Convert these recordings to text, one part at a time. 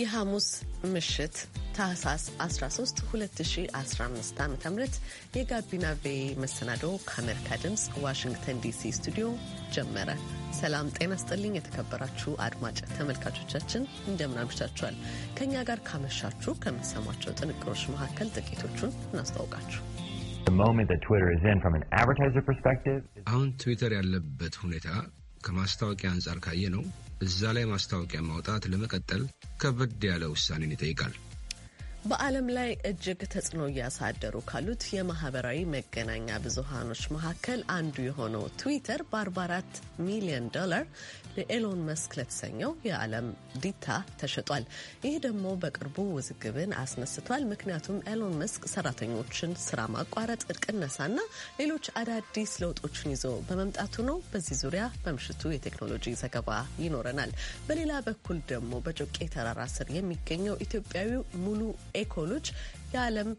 የሐሙስ ምሽት ታህሳስ 13 2015 ዓ ም የጋቢና ቬ መሰናዶ ከአሜሪካ ድምፅ ዋሽንግተን ዲሲ ስቱዲዮ ጀመረ። ሰላም ጤና ስጥልኝ። የተከበራችሁ አድማጭ ተመልካቾቻችን እንደምን አምሽታችኋል? ከእኛ ጋር ካመሻችሁ ከምትሰሟቸው ጥንቅሮች መካከል ጥቂቶቹን እናስታውቃችሁ። አሁን ትዊተር ያለበት ሁኔታ ከማስታወቂያ አንጻር ካየ ነው እዛ ላይ ማስታወቂያ ማውጣት ለመቀጠል ከበድ ያለ ውሳኔን ይጠይቃል። በዓለም ላይ እጅግ ተጽዕኖ እያሳደሩ ካሉት የማህበራዊ መገናኛ ብዙሃኖች መካከል አንዱ የሆነው ትዊተር በ44 ሚሊዮን ዶላር ለኤሎን መስክ ለተሰኘው የዓለም ዲታ ተሸጧል። ይህ ደግሞ በቅርቡ ውዝግብን አስነስቷል። ምክንያቱም ኤሎን መስክ ሰራተኞችን ስራ ማቋረጥ፣ ቅነሳና ሌሎች አዳዲስ ለውጦችን ይዞ በመምጣቱ ነው። በዚህ ዙሪያ በምሽቱ የቴክኖሎጂ ዘገባ ይኖረናል። በሌላ በኩል ደግሞ በጮቄ ተራራ ስር የሚገኘው ኢትዮጵያዊ ሙሉ ኤኮሎጅ የዓለም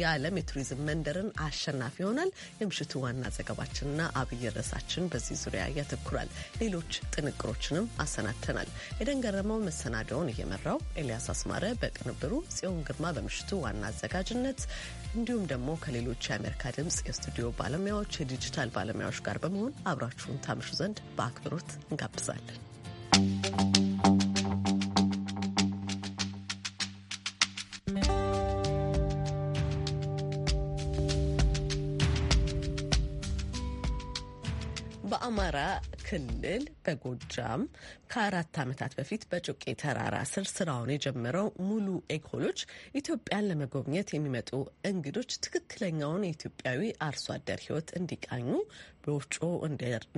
የዓለም የቱሪዝም መንደርን አሸናፊ ይሆናል። የምሽቱ ዋና ዘገባችንና አብይ ርዕሳችን በዚህ ዙሪያ ያተኩራል። ሌሎች ጥንቅሮችንም አሰናድተናል። የደንገረመው መሰናደውን እየመራው ኤልያስ አስማረ በቅንብሩ፣ ጽዮን ግርማ በምሽቱ ዋና አዘጋጅነት እንዲሁም ደግሞ ከሌሎች የአሜሪካ ድምፅ የስቱዲዮ ባለሙያዎች፣ የዲጂታል ባለሙያዎች ጋር በመሆን አብራችሁን ታምሹ ዘንድ በአክብሮት እንጋብዛለን። ክልል በጎጃም ከአራት ዓመታት በፊት በጮቄ ተራራ ስር ስራውን የጀመረው ሙሉ ኤኮሎጅ ኢትዮጵያን ለመጎብኘት የሚመጡ እንግዶች ትክክለኛውን የኢትዮጵያዊ አርሶ አደር ሕይወት እንዲቃኙ በወፍጮ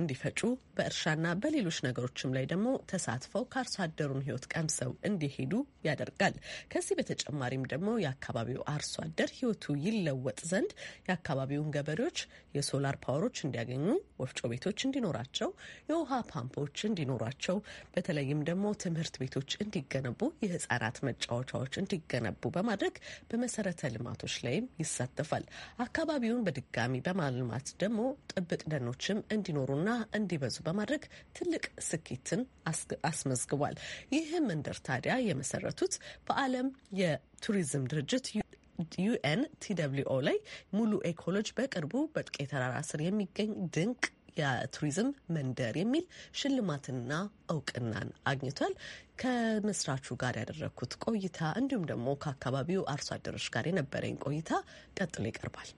እንዲፈጩ በእርሻና በሌሎች ነገሮችም ላይ ደግሞ ተሳትፈው ከአርሶ አደሩን ሕይወት ቀምሰው እንዲሄዱ ያደርጋል። ከዚህ በተጨማሪም ደግሞ የአካባቢው አርሶ አደር ህይወቱ ይለወጥ ዘንድ የአካባቢውን ገበሬዎች የሶላር ፓወሮች እንዲያገኙ፣ ወፍጮ ቤቶች እንዲኖራቸው፣ የውሃ ፓምፖች እንዲኖራቸው፣ በተለይም ደግሞ ትምህርት ቤቶች እንዲገነቡ፣ የህጻናት መጫወቻዎች እንዲገነቡ በማድረግ በመሰረተ ልማቶች ላይም ይሳተፋል። አካባቢውን በድጋሚ በማልማት ደግሞ ጥብቅ መድኖችም እንዲኖሩና እንዲበዙ በማድረግ ትልቅ ስኬትን አስመዝግቧል። ይህም መንደር ታዲያ የመሰረቱት በዓለም የቱሪዝም ድርጅት ዩኤን ቲደብሊኦ ላይ ሙሉ ኤኮሎጂ በቅርቡ በጥቄ ተራራ ስር የሚገኝ ድንቅ የቱሪዝም መንደር የሚል ሽልማትና እውቅናን አግኝቷል። ከመስራቹ ጋር ያደረግኩት ቆይታ እንዲሁም ደግሞ ከአካባቢው አርሶ አደሮች ጋር የነበረኝ ቆይታ ቀጥሎ ይቀርባል።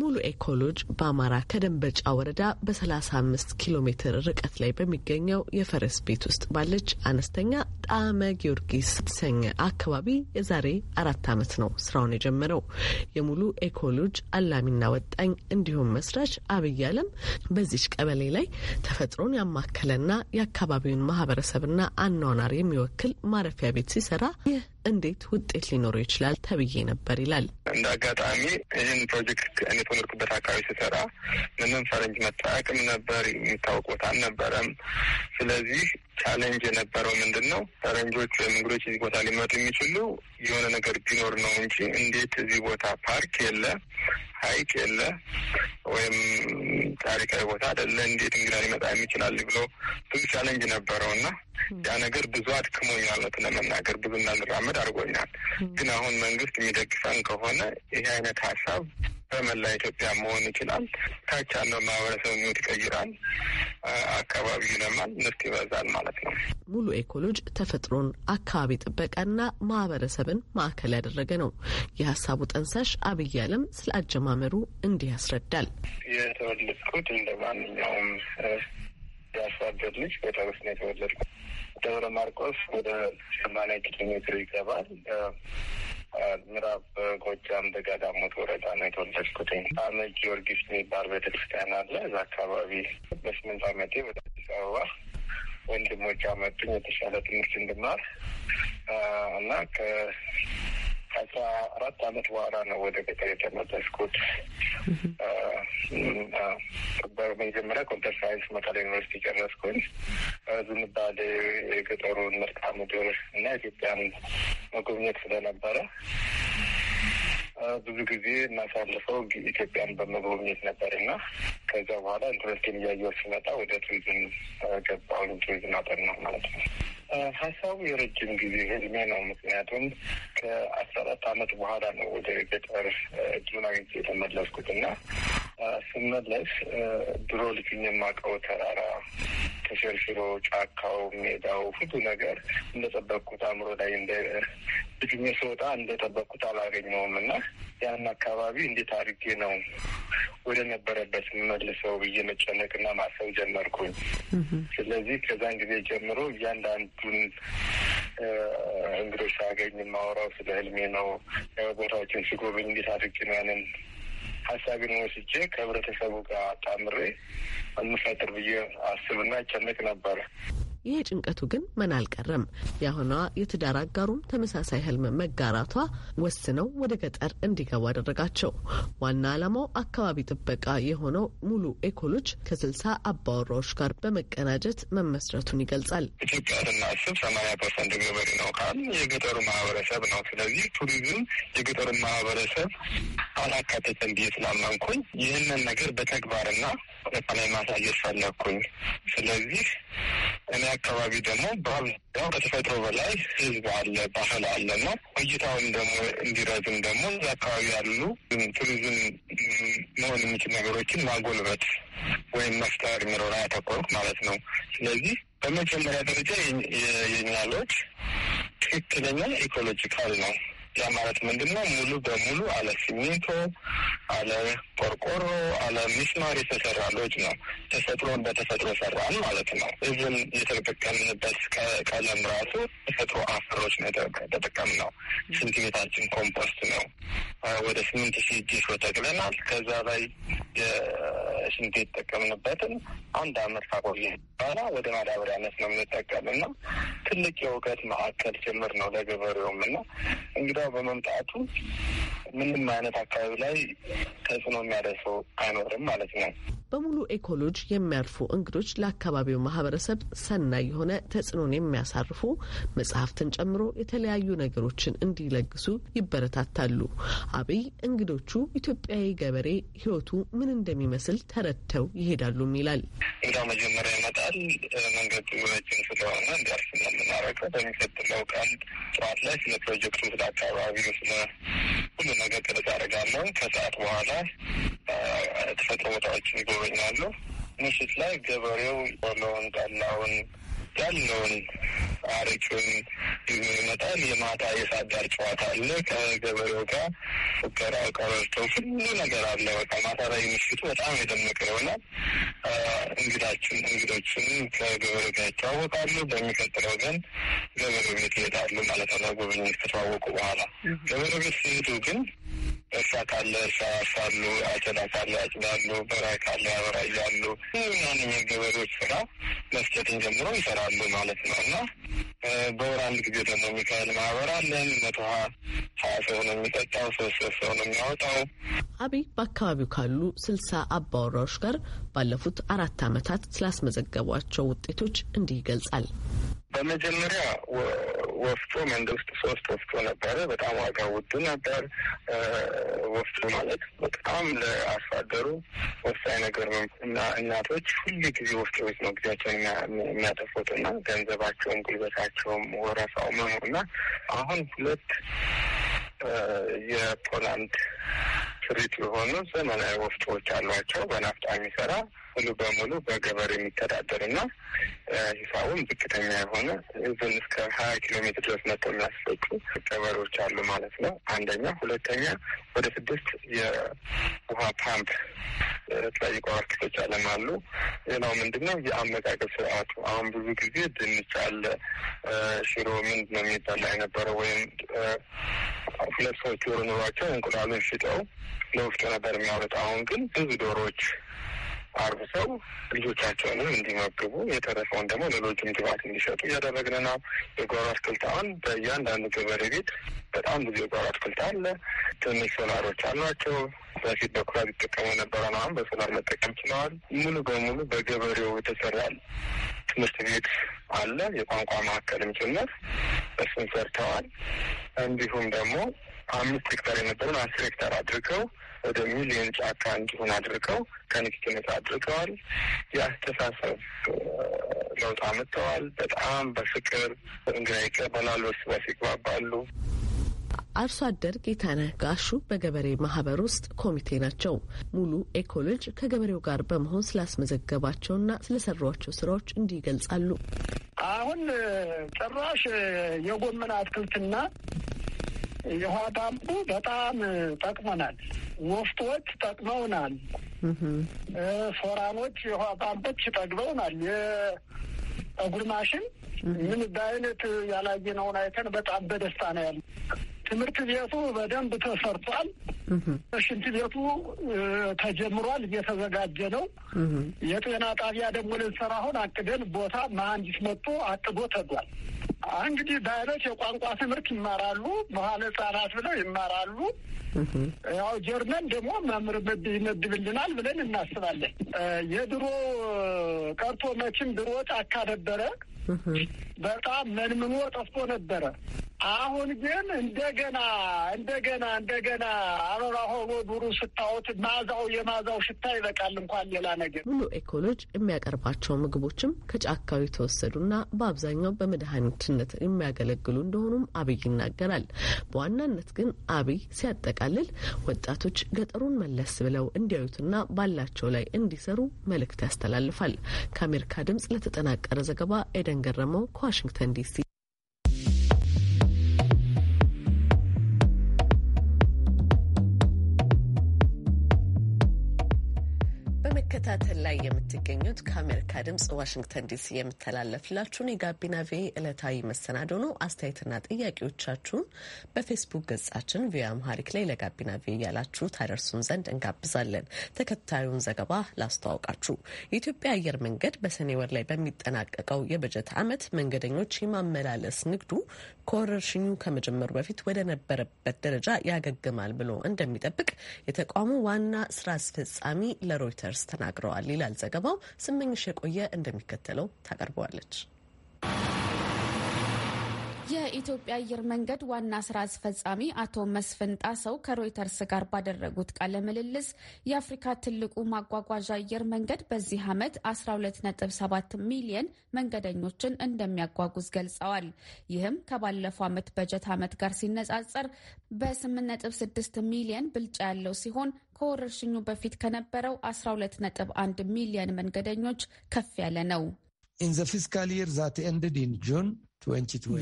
ሙሉ ኤኮሎጅ በአማራ ከደንበጫ ወረዳ በ35 ኪሎ ሜትር ርቀት ላይ በሚገኘው የፈረስ ቤት ውስጥ ባለች አነስተኛ ጣመ ጊዮርጊስ የተሰኘ አካባቢ የዛሬ አራት ዓመት ነው ስራውን የጀመረው። የሙሉ ኤኮሎጅ አላሚና ወጣኝ እንዲሁም መስራች አብይ አለም በዚች ቀበሌ ላይ ተፈጥሮን ያማከለና የአካባቢውን ማህበረሰብና አኗኗር የሚወክል ማረፊያ ቤት ሲሰራ ይህ እንዴት ውጤት ሊኖረው ይችላል ተብዬ ነበር ይላል። እንደ አጋጣሚ ይህን ፕሮጀክት እኔ ተመርኩበት አካባቢ ስሰራ ምንም ፈረንጅ መጠቀም ነበር የሚታወቅ ቦታ አልነበረም። ስለዚህ ቻሌንጅ የነበረው ምንድን ነው? ፈረንጆች ወይም እንግዶች እዚህ ቦታ ሊመጡ የሚችሉ የሆነ ነገር ቢኖር ነው እንጂ እንዴት እዚህ ቦታ ፓርክ የለ፣ ሀይቅ የለ፣ ወይም ታሪካዊ ቦታ አይደለ፣ እንዴት እንግዳ ሊመጣ የሚችላል ብሎ ብዙ ቻሌንጅ ነበረው እና ያ ነገር ብዙ አድክሞኛል፣ እውነት ለመናገር ብዙ እናንራመድ አድርጎኛል። ግን አሁን መንግስት የሚደግፈን ከሆነ ይሄ አይነት ሀሳብ በመላ ኢትዮጵያ መሆን ይችላል። ታች ያለው ማህበረሰብ ሚወት ይቀይራል፣ አካባቢ ይለማል፣ ምርት ይበዛል ማለት ነው። ሙሉ ኤኮሎጅ ተፈጥሮን፣ አካባቢ ጥበቃና ማህበረሰብን ማዕከል ያደረገ ነው። የሀሳቡ ጠንሳሽ አብይ አለም ስለ አጀማመሩ እንዲህ ያስረዳል። የተወለድኩት እንደ ማንኛውም የአርሶ አደር ልጅ በደብስ ነው የተወለድኩት። ደብረ ማርቆስ ወደ ሰማንያ ኪሎ ሜትር ይገባል። ምዕራብ ጎጃም በጋዳሞት ወረዳ ነው የተወለድኩትኝ። አመ ጊዮርጊስ የሚባል ቤተክርስቲያን አለ። እዛ አካባቢ በስምንት አመቴ ወደ አዲስ አበባ ወንድሞች አመጡኝ የተሻለ ትምህርት እንድማር እና ከአስራ አራት አመት በኋላ ነው ወደ ገጠር የተመለስኩት። በመጀመሪያ ኮምፒተር ሳይንስ መቀሌ ዩኒቨርሲቲ ጨረስኩኝ። ዝንባሌ የገጠሩን መልክዓ ምድር እና ኢትዮጵያን መጎብኘት ስለነበረ ብዙ ጊዜ እናሳልፈው ኢትዮጵያን በመጎብኘት ነበር እና ከዛ በኋላ ኢንትረስቲን እያየሁ ሲመጣ ወደ ቱሪዝም ገባሁኝ። ቱሪዝም አጠር ነው ማለት ነው። ሀሳቡ የረጅም ጊዜ ህልሜ ነው። ምክንያቱም ከአስራ አራት አመት በኋላ ነው ወደ ገጠር እድሉን አግኝቼ የተመለስኩት እና ስመለስ ድሮ ልጅ የማውቀው ተራራ ተሸርሽሮ ጫካው፣ ሜዳው፣ ሁሉ ነገር እንደጠበቅኩት አእምሮ ላይ እንደ ልጁ ስወጣ እንደጠበቅኩት አላገኘውም እና ያን አካባቢ እንዴት አድርጌ ነው ወደ ነበረበት መልሰው ብዬ መጨነቅና ማሰብ ጀመርኩኝ። ስለዚህ ከዛን ጊዜ ጀምሮ እያንዳንዱን እንግዶች ሳገኝ የማወራው ስለ ህልሜ ነው። ቦታዎችን ስጎብኝ እንዴት አድርጌ ነው ያንን ሀሳቤን ወስጄ ከህብረተሰቡ ጋር አጣምሬ እንፈጥር ብዬ አስብና ይጨነቅ ነበረ። ይሄ ጭንቀቱ ግን ምን አልቀረም። የአሁኗ የትዳር አጋሩም ተመሳሳይ ህልም መጋራቷ ወስነው ወደ ገጠር እንዲገቡ አደረጋቸው። ዋና ዓላማው አካባቢ ጥበቃ የሆነው ሙሉ ኤኮሎጅ ከስልሳ አባወራዎች ጋር በመቀናጀት መመስረቱን ይገልጻል። ኢትዮጵያ ስናስብ ሰማንያ ፐርሰንት ገበሬ ነው ካል የገጠሩ ማህበረሰብ ነው። ስለዚህ ቱሪዝም የገጠሩ ማህበረሰብ አላካተተን ብዬ ስላመንኩኝ ይህንን ነገር በተግባርና ሁኔታ ማሳየት ፈለግኩኝ። ስለዚህ እኔ አካባቢ ደግሞ በአብዛኛው ከተፈጥሮ በላይ ህዝብ አለ፣ ባህል አለ ነው። ቆይታውን ደግሞ እንዲረዝም ደግሞ እዚ አካባቢ ያሉ ቱሪዝም መሆን የሚችል ነገሮችን ማጎልበት ወይም መፍጠር የሚለውን ያተኮርኩ ማለት ነው። ስለዚህ በመጀመሪያ ደረጃ የኛሎች ትክክለኛ ኢኮሎጂካል ነው ያ ማለት ምንድን ነው? ሙሉ በሙሉ አለ ሲሚንቶ፣ አለ ቆርቆሮ፣ አለ ሚስማር የተሰራ ሎጅ ነው። ተፈጥሮን በተፈጥሮ ሰራን ማለት ነው። እዝን የተጠቀምንበት ቀለም ራሱ ተፈጥሮ አፈሮች ነው የተጠቀም ነው። ስንት ቤታችን ኮምፖስት ነው። ወደ ስምንት ሺህ ዲሾ ተክለናል። ከዛ ላይ የስንት የተጠቀምንበትን አንድ አመት ካቆየ በኋላ ወደ ማዳበሪያነት ነው የምንጠቀምና ትልቅ የእውቀት ማዕከል ጭምር ነው ለገበሬውም እና እንግዲ በመምጣቱ ምንም አይነት አካባቢ ላይ ተጽዕኖ የሚያደርሰው አይኖርም ማለት ነው። በሙሉ ኤኮሎጅ የሚያልፉ እንግዶች ለአካባቢው ማህበረሰብ ሰናይ የሆነ ተጽዕኖን የሚያሳርፉ መጽሐፍትን ጨምሮ የተለያዩ ነገሮችን እንዲለግሱ ይበረታታሉ። አብይ እንግዶቹ ኢትዮጵያዊ ገበሬ ህይወቱ ምን እንደሚመስል ተረድተው ይሄዳሉም ይላል። እንዲያው መጀመሪያ ይመጣል። መንገዱ ረጅም ስለሆነ እንዲያርስ ነው የምናረገው። በሚቀጥለው ቀን ጠዋት ላይ ስለ ፕሮጀክቱ፣ ስለ አካባቢው፣ ስለ ሁሉ ነገር ጥረት ያደርጋለሁ። ከሰዓት በኋላ ተፈጥሮ ቦታዎችን ይጎበኛሉ። ምሽት ላይ ገበሬው ቆሎውን፣ ጠላውን ያለውን አረቂውን ይዞ ይመጣል። የማታ የሳዳር ዳር ጨዋታ አለ ከገበሬው ጋር ፉከራ፣ ቀረርቶ ሁሉ ነገር አለ። በቃ ማታ ላይ ምሽቱ በጣም የደመቀ ይሆናል። እንግዳችን እንግዶችን ከገበሬው ጋር ይተዋወቃሉ። በሚቀጥለው ግን ገበሬው ቤት ይሄዳሉ ማለት ነው። ጉብኝት ከተዋወቁ በኋላ ገበሬው ቤት ሲሄዱ ግን እርሻ ካለ እርሻ ያርሳሉ፣ አጨዳ ካለ ያጭዳሉ፣ በራይ ካለ ያበራያሉ። ማንኛ ገበሬዎች ስራ መስጨትን ጀምሮ ይሰራሉ ማለት ነው እና በወር አንድ ጊዜ ደግሞ ሚካኤል ማህበር አለን። መቶ ሀያ ሰው ነው የሚጠጣው፣ ሶስት ሶስት ሰው ነው የሚያወጣው። አብይ በአካባቢው ካሉ ስልሳ አባወራዎች ጋር ባለፉት አራት አመታት ስላስመዘገቧቸው ውጤቶች እንዲህ ይገልጻል። በመጀመሪያ ወፍጮ መንግስት ሶስት ወፍጮ ነበረ። በጣም ዋጋ ውድ ነበር። ወፍጮ ማለት በጣም ለአርሶ ወሳኝ ነገር ነው እና እናቶች ሁሉ ጊዜ ወፍጮ ቤት ነው ጊዜያቸውን የሚያጠፉት እና ገንዘባቸውም፣ ጉልበታቸውም፣ ወረፋው መኖ እና አሁን ሁለት የፖላንድ ስሪት የሆኑ ዘመናዊ ወፍጮዎች አሏቸው በናፍጣ የሚሰራ ሙሉ በሙሉ በገበሬ የሚተዳደር እና ሂሳቡም ዝቅተኛ የሆነ እዝን እስከ ሀያ ኪሎ ሜትር ድረስ መጥተው የሚያስፈጩ ገበሬዎች አሉ ማለት ነው። አንደኛ። ሁለተኛ ወደ ስድስት የውሃ ፓምፕ የተለያዩ ቋርኪቶች አለም አሉ። ሌላው ምንድነው የአመጋገብ ስርዓቱ። አሁን ብዙ ጊዜ ድንች አለ፣ ሽሮ ምንድ ነው የሚበላ የነበረው ወይም ሁለት ሰዎች ዶሮ ኑሯቸው እንቁላሉን ሽጠው ለውስጡ ነበር የሚያወሩት። አሁን ግን ብዙ ዶሮዎች አርብሰው ልጆቻቸውንም እንዲመግቡ የተረፈውን ደግሞ ሌሎችም ግባት እንዲሸጡ እያደረግን ነው። የጓሮ አትክልት አሁን በእያንዳንዱ ገበሬ ቤት በጣም ብዙ የጓሮ አትክልት አለ። ትንሽ ሶላሮች አሏቸው። በፊት በኩራዝ ይጠቀሙ የነበረ ነው። አሁን በሶላር መጠቀም ችለዋል። ሙሉ በሙሉ በገበሬው የተሰራ ትምህርት ቤት አለ፣ የቋንቋ ማዕከልም ጭምር እሱን ሰርተዋል። እንዲሁም ደግሞ አምስት ሄክታር የነበረውን አስር ሄክታር አድርገው ወደ ሚሊዮን ጫካ እንዲሆን አድርገው ከንግድ ነጻ አድርገዋል። የአስተሳሰብ ለውጥ አምጥተዋል። በጣም በፍቅር በእንግዳ ይቀበላሉ፣ እርስ በርስ ይግባባሉ። አርሶ አደር ጌታነህ ጋሹ በገበሬ ማህበር ውስጥ ኮሚቴ ናቸው። ሙሉ ኤኮሎጅ ከገበሬው ጋር በመሆን ስላስመዘገባቸውና ስለሰሯቸው ስራዎች እንዲህ ይገልጻሉ። አሁን ጭራሽ የጎመን አትክልትና የውሃ ዳምቡ በጣም ጠቅመናል። ወፍቶች ጠቅመውናል። ሶራኖች የውሃ ፓምፖች ጠቅመውናል። የጠጉር ማሽን ምን በአይነት ያላየነውን አይተን በጣም በደስታ ነው ያለ። ትምህርት ቤቱ በደንብ ተሰርቷል። ሽንት ቤቱ ተጀምሯል፣ እየተዘጋጀ ነው። የጤና ጣቢያ ደግሞ ልንሰራ አሁን አቅደን ቦታ መሀንዲስ መጥቶ አቅዶ ተጓል። እንግዲህ ዳይሎች የቋንቋ ትምህርት ይማራሉ፣ መሀል ህጻናት ብለው ይማራሉ። ያው ጀርመን ደግሞ መምህር ይመድብልናል ብለን እናስባለን። የድሮ ቀርቶ መቼም ድሮ ጫካ ነበረ፣ በጣም መንምኖ ጠፍቶ ነበረ። አሁን ግን እንደገና እንደገና እንደገና አበባ ሆኖ ዱሩ ስታወት ማዛው የማዛው ሽታ ይበቃል እንኳን ሌላ ነገር። ሙሉ ኤኮሎጅ የሚያቀርባቸው ምግቦችም ከጫካው የተወሰዱና በአብዛኛው በመድኃኒትነት የሚያገለግሉ እንደሆኑም አብይ ይናገራል። በዋናነት ግን አብይ ሲያጠቃልል ወጣቶች ገጠሩን መለስ ብለው እንዲያዩትና ባላቸው ላይ እንዲሰሩ መልእክት ያስተላልፋል። ከአሜሪካ ድምጽ ለተጠናቀረ ዘገባ ኤደን ገረመው ከዋሽንግተን ዲሲ በመከታተል ላይ የምትገኙት ከአሜሪካ ድምጽ ዋሽንግተን ዲሲ የምተላለፍላችሁን የጋቢና ቪ ዕለታዊ መሰናዶ ነው። አስተያየትና ጥያቄዎቻችሁን በፌስቡክ ገጻችን ቪ አምሃሪክ ላይ ለጋቢና ቪ እያላችሁ ታደርሱን ዘንድ እንጋብዛለን። ተከታዩን ዘገባ ላስተዋውቃችሁ። የኢትዮጵያ አየር መንገድ በሰኔ ወር ላይ በሚጠናቀቀው የበጀት ዓመት መንገደኞች የማመላለስ ንግዱ ከወረርሽኙ ከመጀመሩ በፊት ወደ ነበረበት ደረጃ ያገግማል ብሎ እንደሚጠብቅ የተቋሙ ዋና ስራ አስፈጻሚ ለሮይተርስ ተናግረዋል። ተናግረዋል ይላል ዘገባው። ስመኝሽ የቆየ እንደሚከተለው ታቀርበዋለች። የኢትዮጵያ አየር መንገድ ዋና ስራ አስፈጻሚ አቶ መስፍን ጣሰው ከሮይተርስ ጋር ባደረጉት ቃለ ምልልስ የአፍሪካ ትልቁ ማጓጓዣ አየር መንገድ በዚህ ዓመት 127 ሚሊየን መንገደኞችን እንደሚያጓጉዝ ገልጸዋል። ይህም ከባለፈው ዓመት በጀት ዓመት ጋር ሲነጻጸር በ8.6 ሚሊየን ብልጫ ያለው ሲሆን ከወረርሽኙ በፊት ከነበረው 12.1 ሚሊየን መንገደኞች ከፍ ያለ ነው። ኢን ዘ ፊስካል ዛት ኤንድድ ኢን ጁን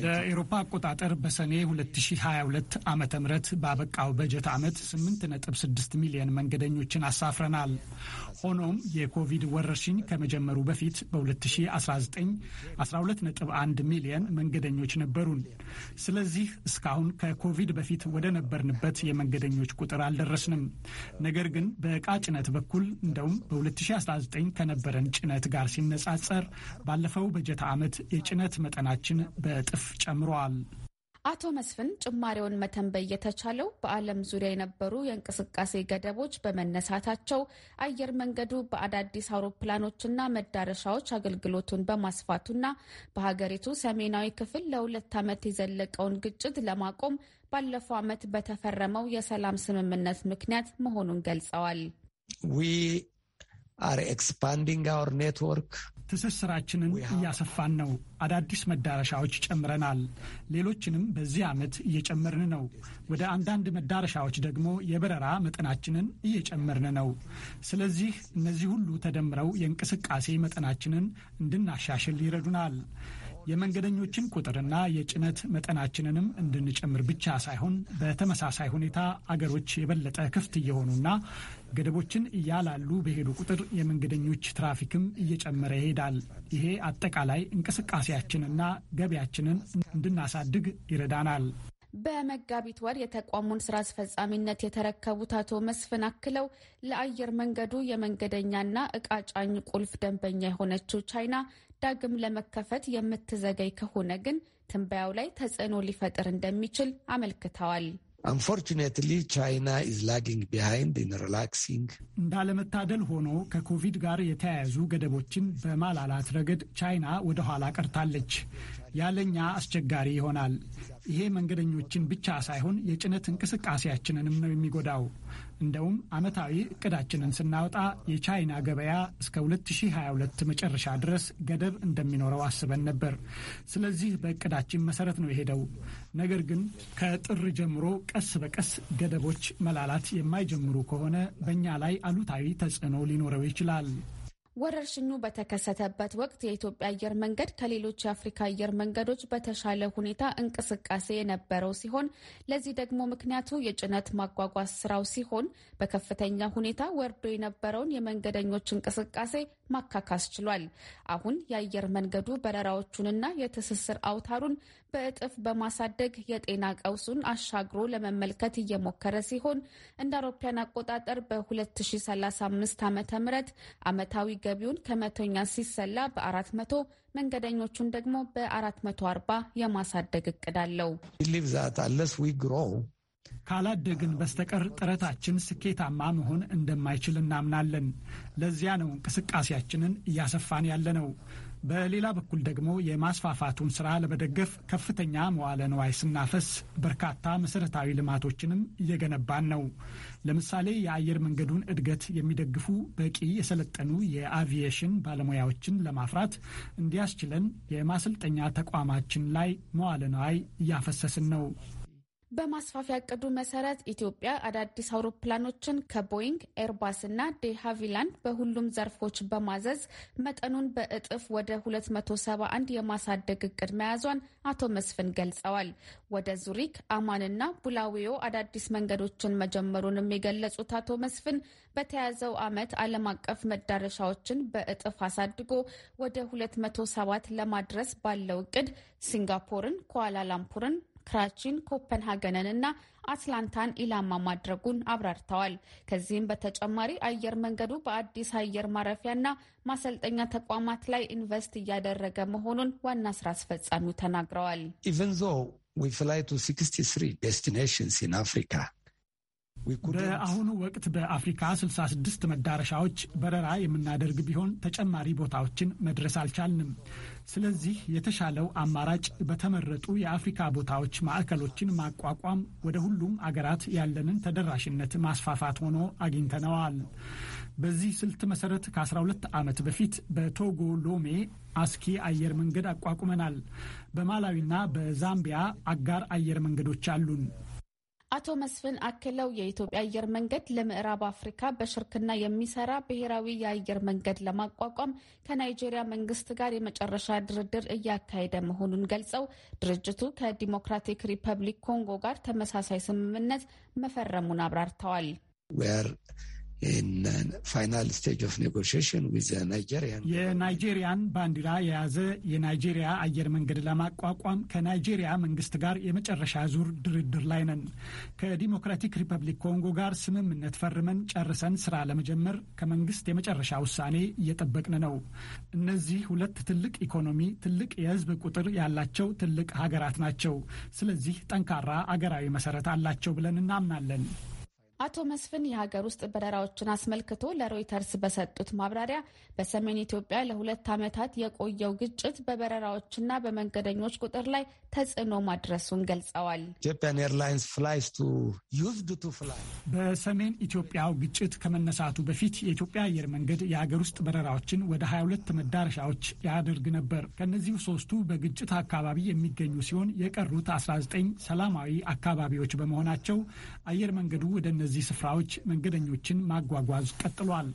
ለኤሮፓ አቆጣጠር በሰኔ 2022 ዓ ም ባበቃው በጀት ዓመት 8.6 ሚሊዮን መንገደኞችን አሳፍረናል። ሆኖም የኮቪድ ወረርሽኝ ከመጀመሩ በፊት በ2019 12.1 ሚሊዮን መንገደኞች ነበሩን። ስለዚህ እስካሁን ከኮቪድ በፊት ወደ ነበርንበት የመንገደኞች ቁጥር አልደረስንም። ነገር ግን በእቃ ጭነት በኩል እንደውም በ2019 ከነበረን ጭነት ጋር ሲነጻጸር ባለፈው በጀት ዓመት የጭነት መጠናችን በእጥፍ ጨምረዋል። አቶ መስፍን ጭማሪውን መተንበይ የተቻለው በዓለም ዙሪያ የነበሩ የእንቅስቃሴ ገደቦች በመነሳታቸው አየር መንገዱ በአዳዲስ አውሮፕላኖችና መዳረሻዎች አገልግሎቱን በማስፋቱና በሀገሪቱ ሰሜናዊ ክፍል ለሁለት ዓመት የዘለቀውን ግጭት ለማቆም ባለፈው ዓመት በተፈረመው የሰላም ስምምነት ምክንያት መሆኑን ገልጸዋል። አር ኤክስፓንዲንግ አወር ኔትወርክ ትስስራችንን እያሰፋን ነው። አዳዲስ መዳረሻዎች ጨምረናል። ሌሎችንም በዚህ ዓመት እየጨመርን ነው። ወደ አንዳንድ መዳረሻዎች ደግሞ የበረራ መጠናችንን እየጨመርን ነው። ስለዚህ እነዚህ ሁሉ ተደምረው የእንቅስቃሴ መጠናችንን እንድናሻሽል ይረዱናል። የመንገደኞችን ቁጥርና የጭነት መጠናችንንም እንድንጨምር ብቻ ሳይሆን በተመሳሳይ ሁኔታ አገሮች የበለጠ ክፍት እየሆኑና ገደቦችን እያላሉ በሄዱ ቁጥር የመንገደኞች ትራፊክም እየጨመረ ይሄዳል። ይሄ አጠቃላይ እንቅስቃሴያችንና ገቢያችንን እንድናሳድግ ይረዳናል። በመጋቢት ወር የተቋሙን ስራ አስፈጻሚነት የተረከቡት አቶ መስፍን አክለው ለአየር መንገዱ የመንገደኛና እቃ ጫኝ ቁልፍ ደንበኛ የሆነችው ቻይና ዳግም ለመከፈት የምትዘገይ ከሆነ ግን ትንበያው ላይ ተጽዕኖ ሊፈጥር እንደሚችል አመልክተዋል። አንፎርቹኔትሊ ቻይና ኢዝ ላጊንግ ቢሃይንድ ኢን ሪላክሲንግ። እንዳለመታደል ሆኖ ከኮቪድ ጋር የተያያዙ ገደቦችን በማላላት ረገድ ቻይና ወደ ኋላ ቀርታለች። ያለኛ አስቸጋሪ ይሆናል። ይሄ መንገደኞችን ብቻ ሳይሆን የጭነት እንቅስቃሴያችንንም ነው የሚጎዳው። እንደውም ዓመታዊ እቅዳችንን ስናወጣ የቻይና ገበያ እስከ 2022 መጨረሻ ድረስ ገደብ እንደሚኖረው አስበን ነበር። ስለዚህ በእቅዳችን መሰረት ነው የሄደው። ነገር ግን ከጥር ጀምሮ ቀስ በቀስ ገደቦች መላላት የማይጀምሩ ከሆነ በእኛ ላይ አሉታዊ ተጽዕኖ ሊኖረው ይችላል። ወረርሽኙ በተከሰተበት ወቅት የኢትዮጵያ አየር መንገድ ከሌሎች የአፍሪካ አየር መንገዶች በተሻለ ሁኔታ እንቅስቃሴ የነበረው ሲሆን ለዚህ ደግሞ ምክንያቱ የጭነት ማጓጓዝ ስራው ሲሆን በከፍተኛ ሁኔታ ወርዶ የነበረውን የመንገደኞች እንቅስቃሴ ማካካስ ችሏል። አሁን የአየር መንገዱ በረራዎቹንና የትስስር አውታሩን በእጥፍ በማሳደግ የጤና ቀውሱን አሻግሮ ለመመልከት እየሞከረ ሲሆን እንደ አውሮፓውያን አቆጣጠር በ2035 ዓ ም ዓመታዊ ገቢውን ከመቶኛ ሲሰላ በ400 መንገደኞቹን ደግሞ በ440 የማሳደግ እቅድ አለው። ካላደግን በስተቀር ጥረታችን ስኬታማ መሆን እንደማይችል እናምናለን። ለዚያ ነው እንቅስቃሴያችንን እያሰፋን ያለነው። በሌላ በኩል ደግሞ የማስፋፋቱን ስራ ለመደገፍ ከፍተኛ መዋለ ንዋይ ስናፈስ በርካታ መሰረታዊ ልማቶችንም እየገነባን ነው። ለምሳሌ የአየር መንገዱን እድገት የሚደግፉ በቂ የሰለጠኑ የአቪዬሽን ባለሙያዎችን ለማፍራት እንዲያስችለን የማሰልጠኛ ተቋማችን ላይ መዋለ ንዋይ እያፈሰስን ነው። በማስፋፊያ እቅዱ መሰረት ኢትዮጵያ አዳዲስ አውሮፕላኖችን ከቦይንግ፣ ኤርባስ እና ዴሃቪላንድ በሁሉም ዘርፎች በማዘዝ መጠኑን በእጥፍ ወደ 271 የማሳደግ እቅድ መያዟን አቶ መስፍን ገልጸዋል። ወደ ዙሪክ፣ አማን እና ቡላዌዮ አዳዲስ መንገዶችን መጀመሩንም የገለጹት አቶ መስፍን በተያዘው ዓመት ዓለም አቀፍ መዳረሻዎችን በእጥፍ አሳድጎ ወደ 207 ለማድረስ ባለው እቅድ ሲንጋፖርን፣ ኳላላምፑርን ክራችን፣ ኮፐንሃገንን እና አትላንታን ኢላማ ማድረጉን አብራርተዋል። ከዚህም በተጨማሪ አየር መንገዱ በአዲስ አየር ማረፊያና ማሰልጠኛ ተቋማት ላይ ኢንቨስት እያደረገ መሆኑን ዋና ስራ አስፈጻሚው ተናግረዋል። ኢቨን ዞ ዊ ፍላይ ቱ 63 ዴስቲኔሽንስ ኢን አፍሪካ በአሁኑ ወቅት በአፍሪካ 66 መዳረሻዎች በረራ የምናደርግ ቢሆን ተጨማሪ ቦታዎችን መድረስ አልቻልንም። ስለዚህ የተሻለው አማራጭ በተመረጡ የአፍሪካ ቦታዎች ማዕከሎችን ማቋቋም፣ ወደ ሁሉም አገራት ያለንን ተደራሽነት ማስፋፋት ሆኖ አግኝተነዋል። በዚህ ስልት መሰረት ከ12 ዓመት በፊት በቶጎ ሎሜ አስኪ አየር መንገድ አቋቁመናል። በማላዊና በዛምቢያ አጋር አየር መንገዶች አሉን። አቶ መስፍን አክለው የኢትዮጵያ አየር መንገድ ለምዕራብ አፍሪካ በሽርክና የሚሰራ ብሔራዊ የአየር መንገድ ለማቋቋም ከናይጄሪያ መንግስት ጋር የመጨረሻ ድርድር እያካሄደ መሆኑን ገልጸው ድርጅቱ ከዲሞክራቲክ ሪፐብሊክ ኮንጎ ጋር ተመሳሳይ ስምምነት መፈረሙን አብራርተዋል። ፋይናል ስቴጅ ኦፍ ኔጎሽሽን ዊዝ የናይጄሪያን ባንዲራ የያዘ የናይጄሪያ አየር መንገድ ለማቋቋም ከናይጄሪያ መንግስት ጋር የመጨረሻ ዙር ድርድር ላይ ነን። ከዲሞክራቲክ ሪፐብሊክ ኮንጎ ጋር ስምምነት ፈርመን ጨርሰን ስራ ለመጀመር ከመንግስት የመጨረሻ ውሳኔ እየጠበቅን ነው። እነዚህ ሁለት ትልቅ ኢኮኖሚ፣ ትልቅ የህዝብ ቁጥር ያላቸው ትልቅ ሀገራት ናቸው። ስለዚህ ጠንካራ አገራዊ መሰረት አላቸው ብለን እናምናለን። አቶ መስፍን የሀገር ውስጥ በረራዎችን አስመልክቶ ለሮይተርስ በሰጡት ማብራሪያ በሰሜን ኢትዮጵያ ለሁለት ዓመታት የቆየው ግጭት በበረራዎችና በመንገደኞች ቁጥር ላይ ተጽዕኖ ማድረሱን ገልጸዋል። በሰሜን ኢትዮጵያው ግጭት ከመነሳቱ በፊት የኢትዮጵያ አየር መንገድ የሀገር ውስጥ በረራዎችን ወደ 22 መዳረሻዎች ያደርግ ነበር። ከነዚሁ ሶስቱ በግጭት አካባቢ የሚገኙ ሲሆን የቀሩት 19 ሰላማዊ አካባቢዎች በመሆናቸው አየር መንገዱ ወደ እነዚህ ስፍራዎች መንገደኞችን ማጓጓዝ ቀጥሏል።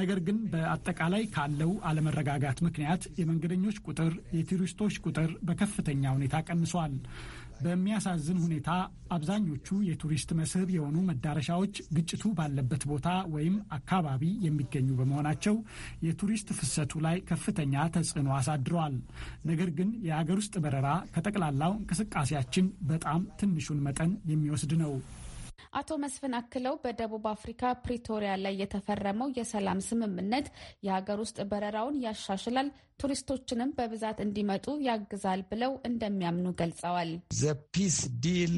ነገር ግን በአጠቃላይ ካለው አለመረጋጋት ምክንያት የመንገደኞች ቁጥር፣ የቱሪስቶች ቁጥር በከፍተኛ ሁኔታ ቀንሷል። በሚያሳዝን ሁኔታ አብዛኞቹ የቱሪስት መስህብ የሆኑ መዳረሻዎች ግጭቱ ባለበት ቦታ ወይም አካባቢ የሚገኙ በመሆናቸው የቱሪስት ፍሰቱ ላይ ከፍተኛ ተጽዕኖ አሳድረዋል። ነገር ግን የአገር ውስጥ በረራ ከጠቅላላው እንቅስቃሴያችን በጣም ትንሹን መጠን የሚወስድ ነው። አቶ መስፍን አክለው በደቡብ አፍሪካ ፕሪቶሪያ ላይ የተፈረመው የሰላም ስምምነት የሀገር ውስጥ በረራውን ያሻሽላል፣ ቱሪስቶችንም በብዛት እንዲመጡ ያግዛል ብለው እንደሚያምኑ ገልጸዋል። ዘ ፒስ ዲል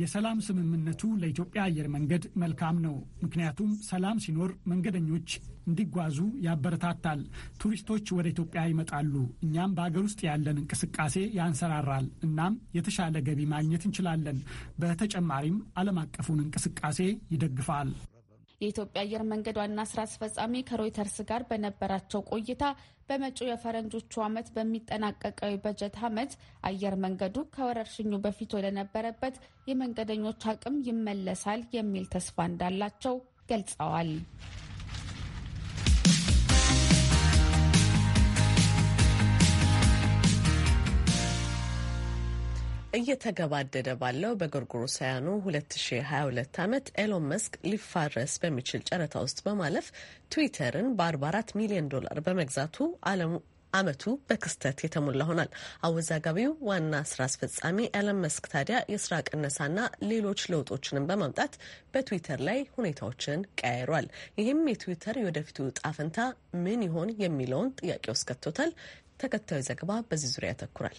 የሰላም ስምምነቱ ለኢትዮጵያ አየር መንገድ መልካም ነው። ምክንያቱም ሰላም ሲኖር መንገደኞች እንዲጓዙ ያበረታታል። ቱሪስቶች ወደ ኢትዮጵያ ይመጣሉ። እኛም በሀገር ውስጥ ያለን እንቅስቃሴ ያንሰራራል። እናም የተሻለ ገቢ ማግኘት እንችላለን። በተጨማሪም ዓለም አቀፉን እንቅስቃሴ ይደግፋል። የኢትዮጵያ አየር መንገድ ዋና ስራ አስፈጻሚ ከሮይተርስ ጋር በነበራቸው ቆይታ በመጪው የፈረንጆቹ ዓመት በሚጠናቀቀው የበጀት ዓመት አየር መንገዱ ከወረርሽኙ በፊት ወደነበረበት የመንገደኞች አቅም ይመለሳል የሚል ተስፋ እንዳላቸው ገልጸዋል። እየተገባደደ ባለው በጎርጎሮሳውያኑ 2022 ዓመት ኤሎን መስክ ሊፋረስ በሚችል ጨረታ ውስጥ በማለፍ ትዊተርን በ44 ሚሊዮን ዶላር በመግዛቱ ዓለሙ አመቱ በክስተት የተሞላ ሆናል። አወዛጋቢው ዋና ስራ አስፈጻሚ ኤለን መስክ ታዲያ የስራ ቅነሳና ሌሎች ለውጦችንም በማምጣት በትዊተር ላይ ሁኔታዎችን ቀያይሯል። ይህም የትዊተር የወደፊቱ ጣፍንታ ፈንታ ምን ይሆን የሚለውን ጥያቄ ውስጥ ከቶታል። ተከታዩ ዘገባ በዚህ ዙሪያ ያተኩራል።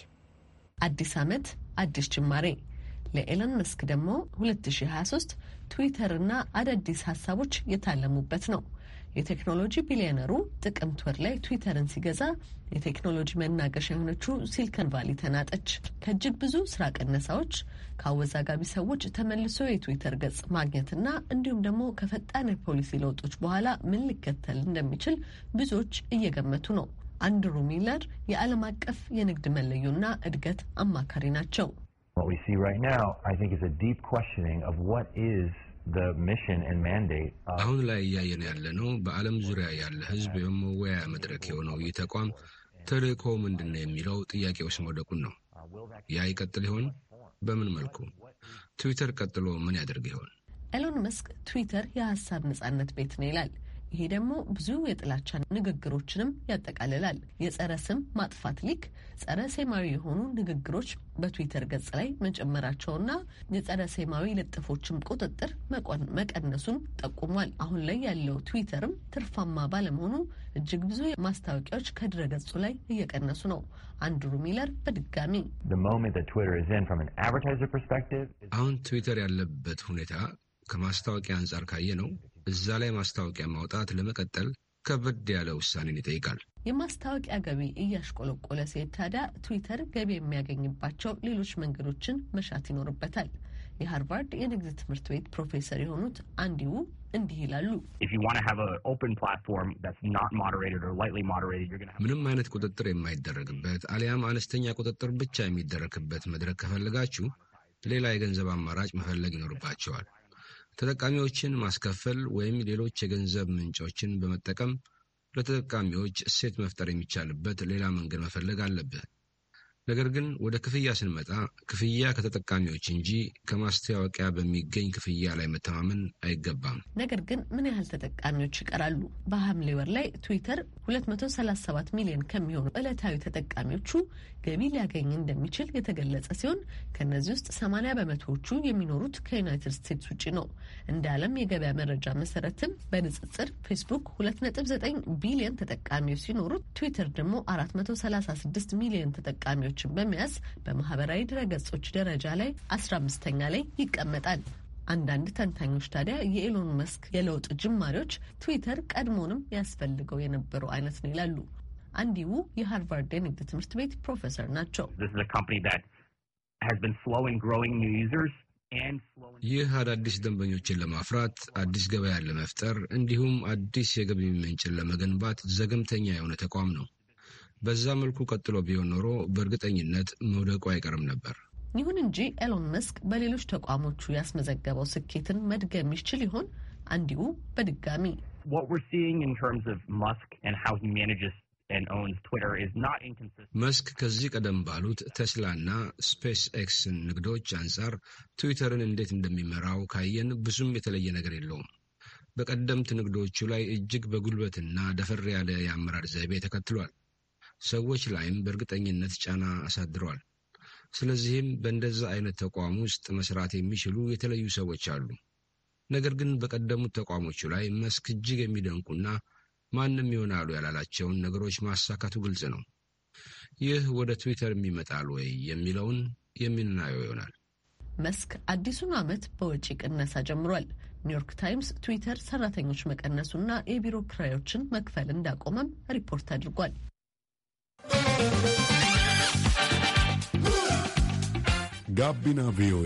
አዲስ ዓመት አዲስ ጅማሬ። ለኤለን መስክ ደግሞ 2023 ትዊተርና አዳዲስ ሀሳቦች የታለሙበት ነው። የቴክኖሎጂ ቢሊዮነሩ ጥቅምት ወር ላይ ትዊተርን ሲገዛ የቴክኖሎጂ መናገሻ የሆነችው ሲልከን ቫሊ ተናጠች። ከእጅግ ብዙ ስራ ቀነሳዎች ከአወዛጋቢ ሰዎች ተመልሶ የትዊተር ገጽ ማግኘትና እንዲሁም ደግሞ ከፈጣን የፖሊሲ ለውጦች በኋላ ምን ሊከተል እንደሚችል ብዙዎች እየገመቱ ነው። አንድሩ ሚለር የዓለም አቀፍ የንግድ መለዮና እድገት አማካሪ ናቸው። አሁን ላይ እያየን ያለነው በዓለም ዙሪያ ያለ ሕዝብ የመወያያ መድረክ የሆነው ይህ ተቋም ተልእኮ ምንድን ነው የሚለው ጥያቄ መውደቁን ነው። ያ ይቀጥል ይሆን? በምን መልኩ? ትዊተር ቀጥሎ ምን ያደርግ ይሆን? ኤሎን መስክ ትዊተር የሀሳብ ነጻነት ቤት ነው ይላል። ይሄ ደግሞ ብዙ የጥላቻ ንግግሮችንም ያጠቃልላል። የጸረ ስም ማጥፋት ሊክ ጸረ ሴማዊ የሆኑ ንግግሮች በትዊተር ገጽ ላይ መጨመራቸውና የጸረ ሴማዊ ልጥፎችም ቁጥጥር መቀነሱን ጠቁሟል። አሁን ላይ ያለው ትዊተርም ትርፋማ ባለመሆኑ እጅግ ብዙ ማስታወቂያዎች ከድረ ገጹ ላይ እየቀነሱ ነው። አንድሩ ሚለር በድጋሚ አሁን ትዊተር ያለበት ሁኔታ ከማስታወቂያ አንጻር ካየ ነው እዛ ላይ ማስታወቂያ ማውጣት ለመቀጠል ከበድ ያለ ውሳኔን ይጠይቃል። የማስታወቂያ ገቢ እያሽቆለቆለ ሲሄድ ታዲያ ትዊተር ገቢ የሚያገኝባቸው ሌሎች መንገዶችን መሻት ይኖርበታል። የሃርቫርድ የንግድ ትምህርት ቤት ፕሮፌሰር የሆኑት አንዲው እንዲህ ይላሉ። ምንም አይነት ቁጥጥር የማይደረግበት አሊያም አነስተኛ ቁጥጥር ብቻ የሚደረግበት መድረክ ከፈለጋችሁ ሌላ የገንዘብ አማራጭ መፈለግ ይኖርባቸዋል። ተጠቃሚዎችን ማስከፈል ወይም ሌሎች የገንዘብ ምንጮችን በመጠቀም ለተጠቃሚዎች እሴት መፍጠር የሚቻልበት ሌላ መንገድ መፈለግ አለብህ። ነገር ግን ወደ ክፍያ ስንመጣ ክፍያ ከተጠቃሚዎች እንጂ ከማስታወቂያ በሚገኝ ክፍያ ላይ መተማመን አይገባም። ነገር ግን ምን ያህል ተጠቃሚዎች ይቀራሉ? በሐምሌ ወር ላይ ትዊተር 237 ሚሊዮን ከሚሆኑ ዕለታዊ ተጠቃሚዎቹ ገቢ ሊያገኝ እንደሚችል የተገለጸ ሲሆን ከእነዚህ ውስጥ 80 በመቶዎቹ የሚኖሩት ከዩናይትድ ስቴትስ ውጭ ነው። እንደ ዓለም የገበያ መረጃ መሰረትም በንጽጽር ፌስቡክ 2.9 ቢሊዮን ተጠቃሚዎች ሲኖሩት ትዊተር ደግሞ 436 ሚሊዮን ተጠቃሚዎች ተጠቃሚዎችን በመያዝ በማህበራዊ ድረገጾች ደረጃ ላይ አስራ አምስተኛ ላይ ይቀመጣል። አንዳንድ ተንታኞች ታዲያ የኤሎን መስክ የለውጥ ጅማሬዎች ትዊተር ቀድሞንም ያስፈልገው የነበረው አይነት ነው ይላሉ። አንዲሁ የሃርቫርድ የንግድ ትምህርት ቤት ፕሮፌሰር ናቸው። ይህ አዳዲስ ደንበኞችን ለማፍራት አዲስ ገበያን ለመፍጠር እንዲሁም አዲስ የገቢ ምንጭን ለመገንባት ዘገምተኛ የሆነ ተቋም ነው። በዛ መልኩ ቀጥሎ ቢሆን ኖሮ በእርግጠኝነት መውደቁ አይቀርም ነበር። ይሁን እንጂ ኤሎን መስክ በሌሎች ተቋሞቹ ያስመዘገበው ስኬትን መድገም ይችል ይሆን? እንዲሁ በድጋሚ መስክ ከዚህ ቀደም ባሉት ቴስላና ስፔስ ኤክስን ንግዶች አንጻር ትዊተርን እንዴት እንደሚመራው ካየን ብዙም የተለየ ነገር የለውም። በቀደምት ንግዶቹ ላይ እጅግ በጉልበትና ደፈር ያለ የአመራር ዘይቤ ተከትሏል። ሰዎች ላይም በእርግጠኝነት ጫና አሳድሯል። ስለዚህም በእንደዛ አይነት ተቋም ውስጥ መስራት የሚችሉ የተለዩ ሰዎች አሉ። ነገር ግን በቀደሙት ተቋሞቹ ላይ መስክ እጅግ የሚደንቁና ማንም ይሆናሉ ያላላቸውን ነገሮች ማሳካቱ ግልጽ ነው። ይህ ወደ ትዊተር የሚመጣል ወይ የሚለውን የምናየው ይሆናል። መስክ አዲሱን ዓመት በወጪ ቅነሳ ጀምሯል። ኒውዮርክ ታይምስ ትዊተር ሰራተኞች መቀነሱና የቢሮ ክራዮችን መክፈል እንዳቆመም ሪፖርት አድርጓል። ጋቢና ቪኦኤ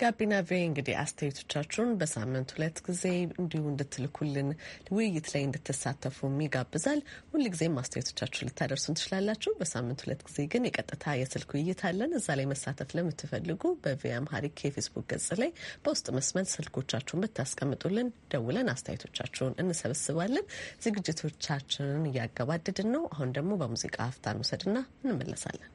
ጋቢና ቬ እንግዲህ አስተያየቶቻችሁን በሳምንት ሁለት ጊዜ እንዲሁ እንድትልኩልን ውይይት ላይ እንድትሳተፉ ይጋብዛል። ጊዜ አስተያየቶቻችሁን ልታደርሱን ትችላላችሁ። በሳምንት ሁለት ጊዜ ግን የቀጥታ የስልክ ውይይት አለን። እዛ ላይ መሳተፍ ለምትፈልጉ በቪ አምሃሪክ የፌስቡክ ገጽ ላይ በውስጥ መስመል ስልኮቻችሁን ብታስቀምጡልን ደውለን አስተያየቶቻችሁን እንሰበስባለን። ዝግጅቶቻችንን እያገባደድን ነው። አሁን ደግሞ በሙዚቃ ሀፍታን ውሰድና እንመለሳለን።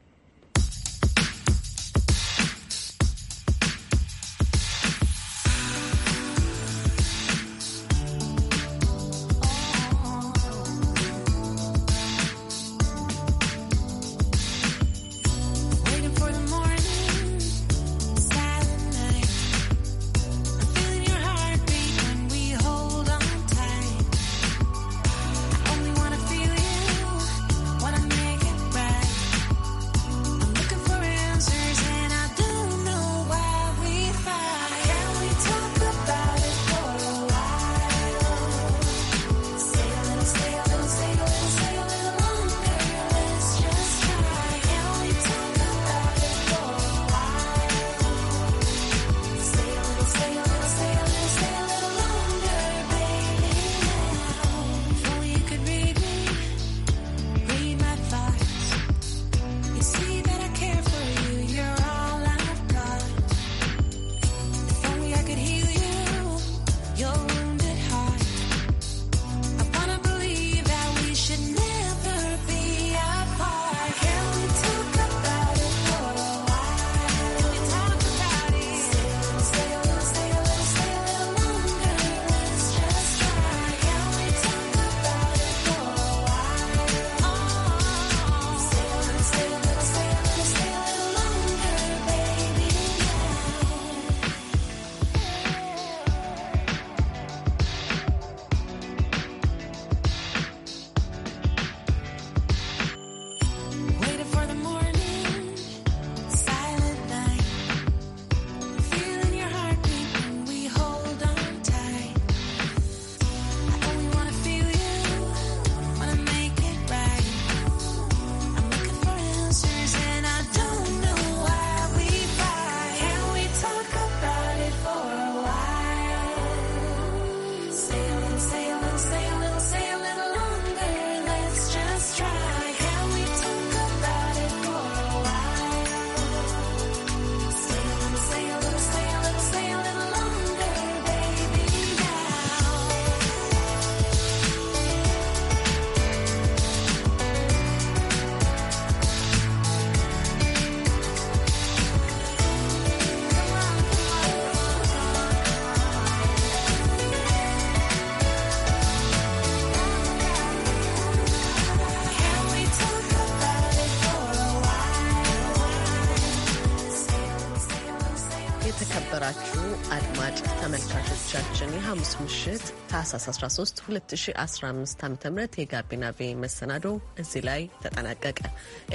የተከበራችሁ አድማጭ ተመልካቾቻችን የሐሙስ ምሽት ታህሳስ 13 2015 ዓ ም የጋቢና ቤ መሰናዶ እዚህ ላይ ተጠናቀቀ።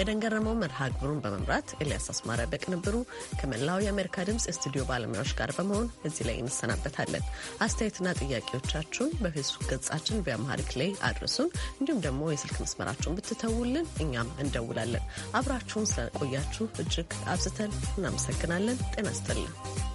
ኤደን ገረመው መርሃ ግብሩን በመምራት ኤልያስ አስማረ በቅንብሩ ከመላው የአሜሪካ ድምፅ የስቱዲዮ ባለሙያዎች ጋር በመሆን እዚህ ላይ እንሰናበታለን። አስተያየትና ጥያቄዎቻችሁን በፌስቡክ ገጻችን በአምሃሪክ ላይ አድርሱን። እንዲሁም ደግሞ የስልክ መስመራችሁን ብትተውልን እኛም እንደውላለን። አብራችሁን ስለቆያችሁ እጅግ አብዝተን እናመሰግናለን። ጤና ይስጥልን።